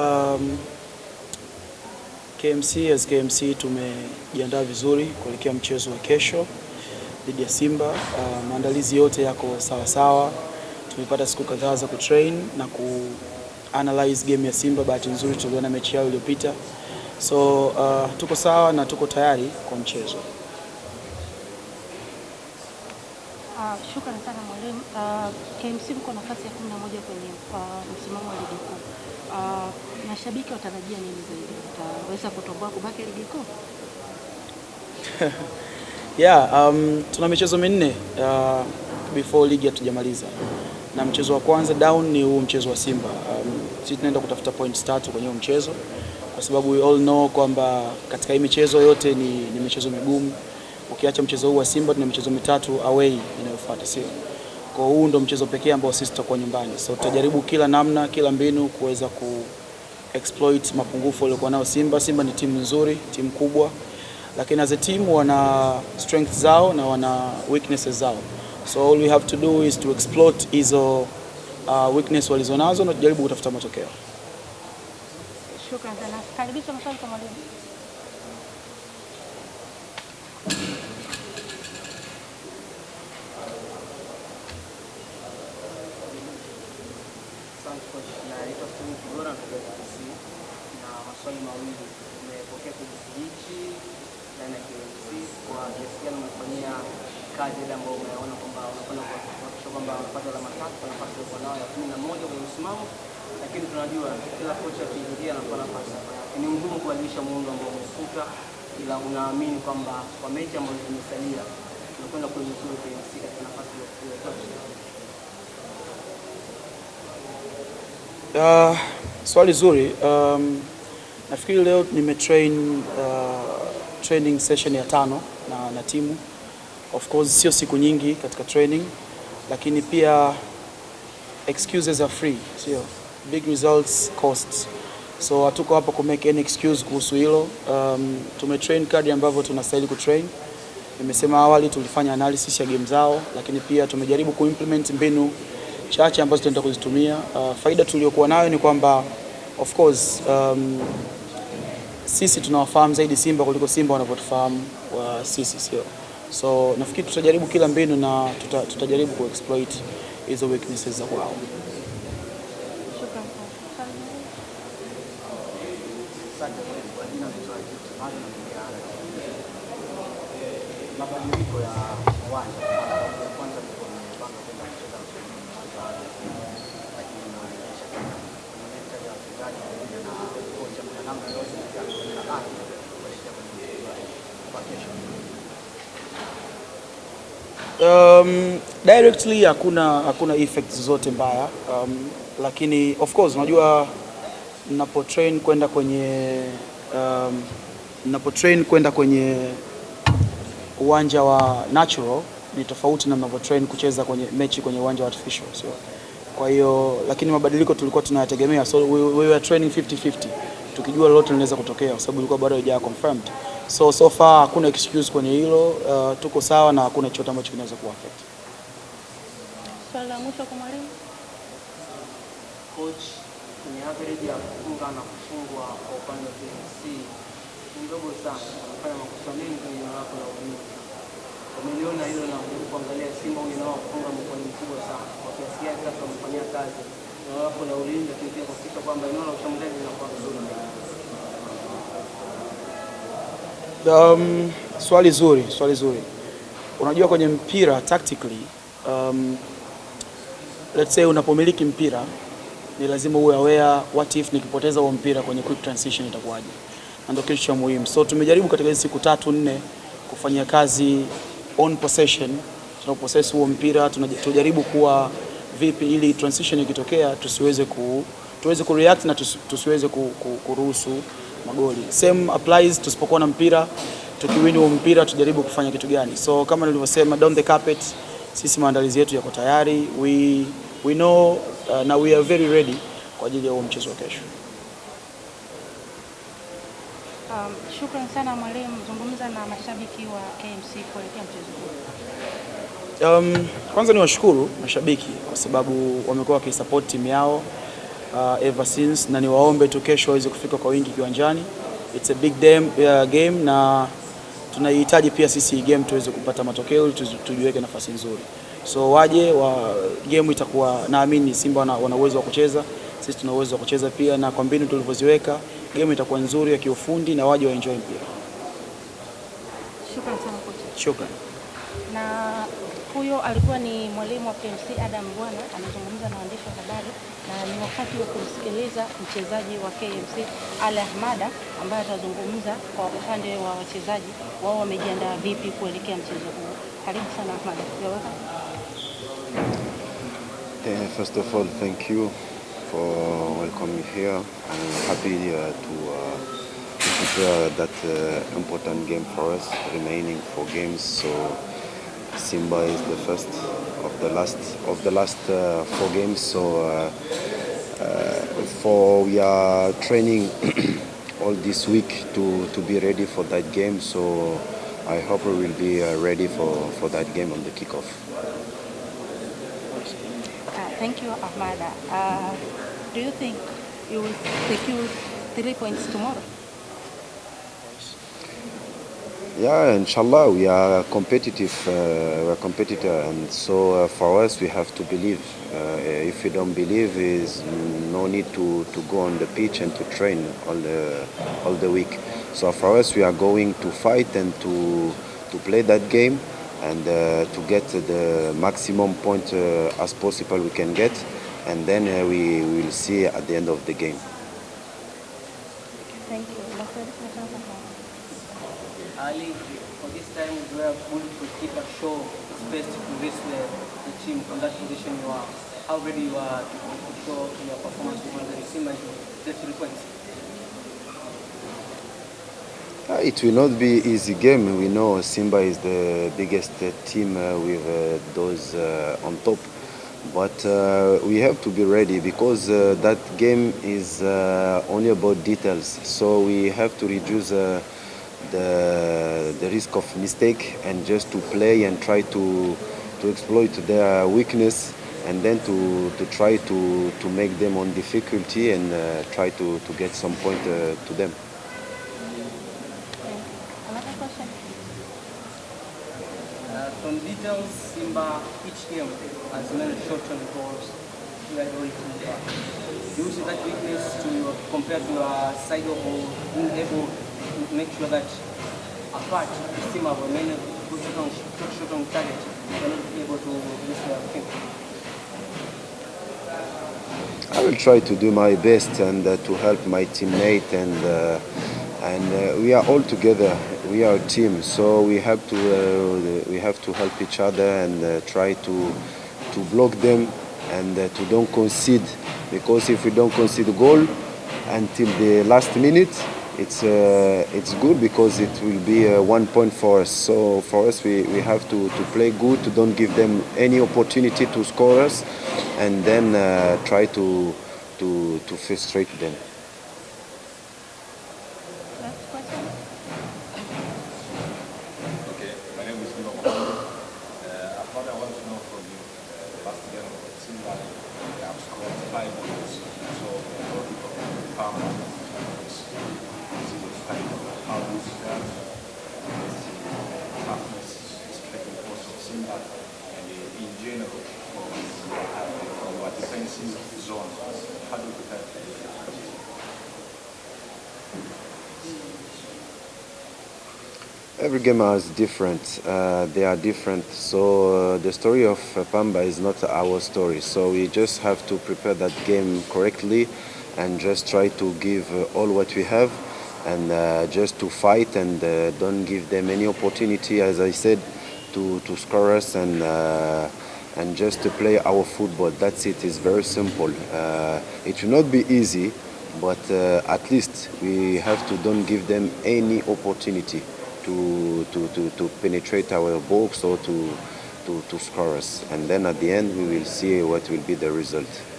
Um, KMC as KMC tumejiandaa vizuri kuelekea mchezo wa kesho dhidi ya Simba. Uh, maandalizi yote yako sawa sawa. Tumepata siku kadhaa za kutrain na analyze game ya Simba. Bahati nzuri tuliona mechi yao iliyopita, so uh, tuko sawa na tuko tayari kwa mchezo. Ah, shukrani sana mwalimu. Uh, ah, KMC mko nafasi ya 11 kwenye ah, msimamo wa ligi kuu. Uh, mashabiki watarajia nini zaidi? Utaweza kutoboa kubaki ligi kuu? Yeah, um, tuna michezo minne uh, before ligi hatujamaliza, na mchezo wa kwanza down ni huu mchezo wa Simba. Um, sisi tunaenda kutafuta points tatu kwenye huu mchezo kwa sababu we all know kwamba katika hii michezo yote ni, ni michezo migumu ukiacha mchezo huu wa Simba tuna michezo mitatu away inayofuata, sio? Kwa huu ndo mchezo pekee ambao sisi tutakuwa nyumbani, so tutajaribu kila namna, kila mbinu kuweza ku exploit mapungufu waliokuwa nayo Simba. Simba ni timu nzuri, timu kubwa, lakini as a team wana strength zao na wana weaknesses zao, so all we have to do is to exploit hizo uh, weakness walizonazo na tujaribu kutafuta matokeo. Shukrani sana. Karibisha maswali kwa mwalimu. langu coach, na maswali mawili. Nimepokea kwenye hichi ndani ya KBC, kwa kiasi gani umefanyia kazi ile ambayo umeona kwamba unakwenda kuhakikisha kwamba unapata alama tatu kwa nafasi uliokuwa nayo ya kumi na moja kwenye msimamo, lakini tunajua kila kocha akiingia anakuwa nafasi ni ngumu kubadilisha muundo ambao umefika, ila unaamini kwamba kwa mechi ambazo zimesalia unakwenda kuinusuru KBC katika nafasi ya Uh, swali zuri. Um, nafikiri leo nimetrain uh, training session ya tano na, na timu. Of course sio siku nyingi katika training, lakini pia excuses are free, sio big results costs, so hatuko hapa ku make any excuse kuhusu hilo. Um, tumetrain kadi ambavyo tunastahili kutrain. Nimesema awali tulifanya analysis ya game zao, lakini pia tumejaribu kuimplement mbinu chache ambazo tutaenda kuzitumia. Uh, faida tuliyokuwa nayo ni kwamba of course um, sisi tunawafahamu zaidi Simba kuliko Simba wanavyotufahamu wa uh, sisi, sio? So nafikiri tutajaribu kila mbinu na tuta, tutajaribu exploit hizo weaknesses za kwao. mabadiliko ya uwanja kwanza Um, directly hakuna hakuna effect zote mbaya um, lakini of course unajua train kwenda kwenye um, train kwenda kwenye uwanja wa natural ni tofauti na mnavyotrain kucheza kwenye mechi kwenye uwanja wa artificial sio? Kwa hiyo lakini mabadiliko tulikuwa tunayategemea, so we, we were training 50-50 tukijua lolote linaweza kutokea, kwa sababu ilikuwa bado haijawa confirmed. So so far hakuna excuse kwenye hilo uh, tuko sawa na hakuna chochote ambacho kinaweza kuaffect. Swali la mwisho kwa mwalimu. Coach, kwenye average ya kufunga na kufungwa kwa upande wa KMC ni ndogo sana, amefanya makosa mengi kwenye eneo lako la ulinzi wameliona hilo na kuangalia Simba huyu nao wafunga mkono mkubwa sana kwa kiasi gani sasa wamfanyia kazi na wapo na ulinzi, lakini pia kuhakikisha kwamba eneo la ushambuliaji linakuwa vizuri. Um, swali zuri, swali zuri. Unajua kwenye mpira tactically, um, let's say unapomiliki mpira ni lazima uwe aware what if nikipoteza huo mpira kwenye quick transition itakuwaje, na ndio kitu cha muhimu. So tumejaribu katika hizi siku tatu nne kufanya kazi on possession, possess huo mpira tunajaribu kuwa vipi ili transition ikitokea tusiweze ku tuweze ku react na tusiweze ku, ku, kuruhusu magoli. Same applies tusipokuwa na mpira, tukiwini huo mpira tujaribu kufanya kitu gani? So kama nilivyosema, down the carpet, sisi maandalizi yetu yako tayari, we we know uh, na we are very ready kwa ajili ya huo mchezo wa kesho. Um, shukrani sana mwalimu, zungumza na mashabiki wa KMC kuelekea mchezo huu. Um, kwanza ni washukuru mashabiki kwa sababu wamekuwa wakisupport timu yao uh, ever since na niwaombe tu kesho waweze kufika kwa wingi kiwanjani. It's a big game, uh, game na tunahitaji pia sisi game tuweze kupata matokeo tujiweke nafasi nzuri, so waje wa game itakuwa, naamini Simba wana uwezo wa kucheza, sisi tuna uwezo wa kucheza pia, na kwa mbinu tulivyoziweka game itakuwa nzuri ya kiufundi na waje waenjoy mpira. Shukrani sana kocha. Shukrani. Na huyo alikuwa ni mwalimu wa KMC Adam Bwana anazungumza na waandishi wa habari, na ni wakati wa kumsikiliza mchezaji wa KMC Ali Ahmada ambaye atazungumza kwa upande wa wachezaji wao wamejiandaa vipi kuelekea mchezo huu. Karibu sana Ahmada. Eh, first of all, thank you. for welcoming here. I'm happy uh, to, uh, to prepare that uh, important game for us, remaining four games. So Simba is the first of the last of the last uh, four games. So uh, uh, for we are training all this week to, to be ready for that game. So I hope we will be ready for, for that game on the kickoff. Uh, thank you, Ahmada. Uh, do you think you will secure three points tomorrow? Yeah, inshallah, we are competitive. Uh, we're competitor, and so uh, for us, we have to believe. Uh, if we don't believe, is no need to, to go on the pitch and to train all the all the week. So for us, we are going to fight and to to play that game and uh, to get the maximum point uh, as possible we can get and then uh, we will see at the end of the game. Thank you. Ali, for this time you were able to keep a show space to convince the, the team on that position you are. How ready you are to show your performance to the team and get three points? Ah, it will not be easy game. We know Simba is the biggest team uh, with uh, those uh, on top, but we have to be ready because that game is only about details. So we have to reduce the the risk of mistake and just to play and try to to exploit their weakness and then to, to try to, to make them on difficulty and uh, try to, to get some point uh, to them. From details, Simba each game has many short-term goals you are going to you use that weakness to compare to our side or being able to make sure that apart Simba we many good shot on target, we are able to use your thinking. I will try to do my best and uh, to help my teammate and uh, and uh, we are all together we are a team, so we have to uh, we have to help each other and uh, try to to block them and uh, to don't concede because if we don't concede goal until the last minute, it's uh, it's good because it will be uh, one point for us. So for us, we, we have to, to play good, to don't give them any opportunity to score us, and then uh, try to to to frustrate them. Every Gemma is different. Uh, they are different. So uh, the story of uh, Pamba is not our story. So we just have to prepare that game correctly and just try to give uh, all what we have and uh, just to fight and uh, don't give them any opportunity, as I said, to, to score us and uh, and just to play our football. That's it. It's very simple. Uh, it will not be easy, but at least we have to don't give them any opportunity to, to, to, to penetrate our box or to, to, to score us. And then at the end, we will see what will be the result.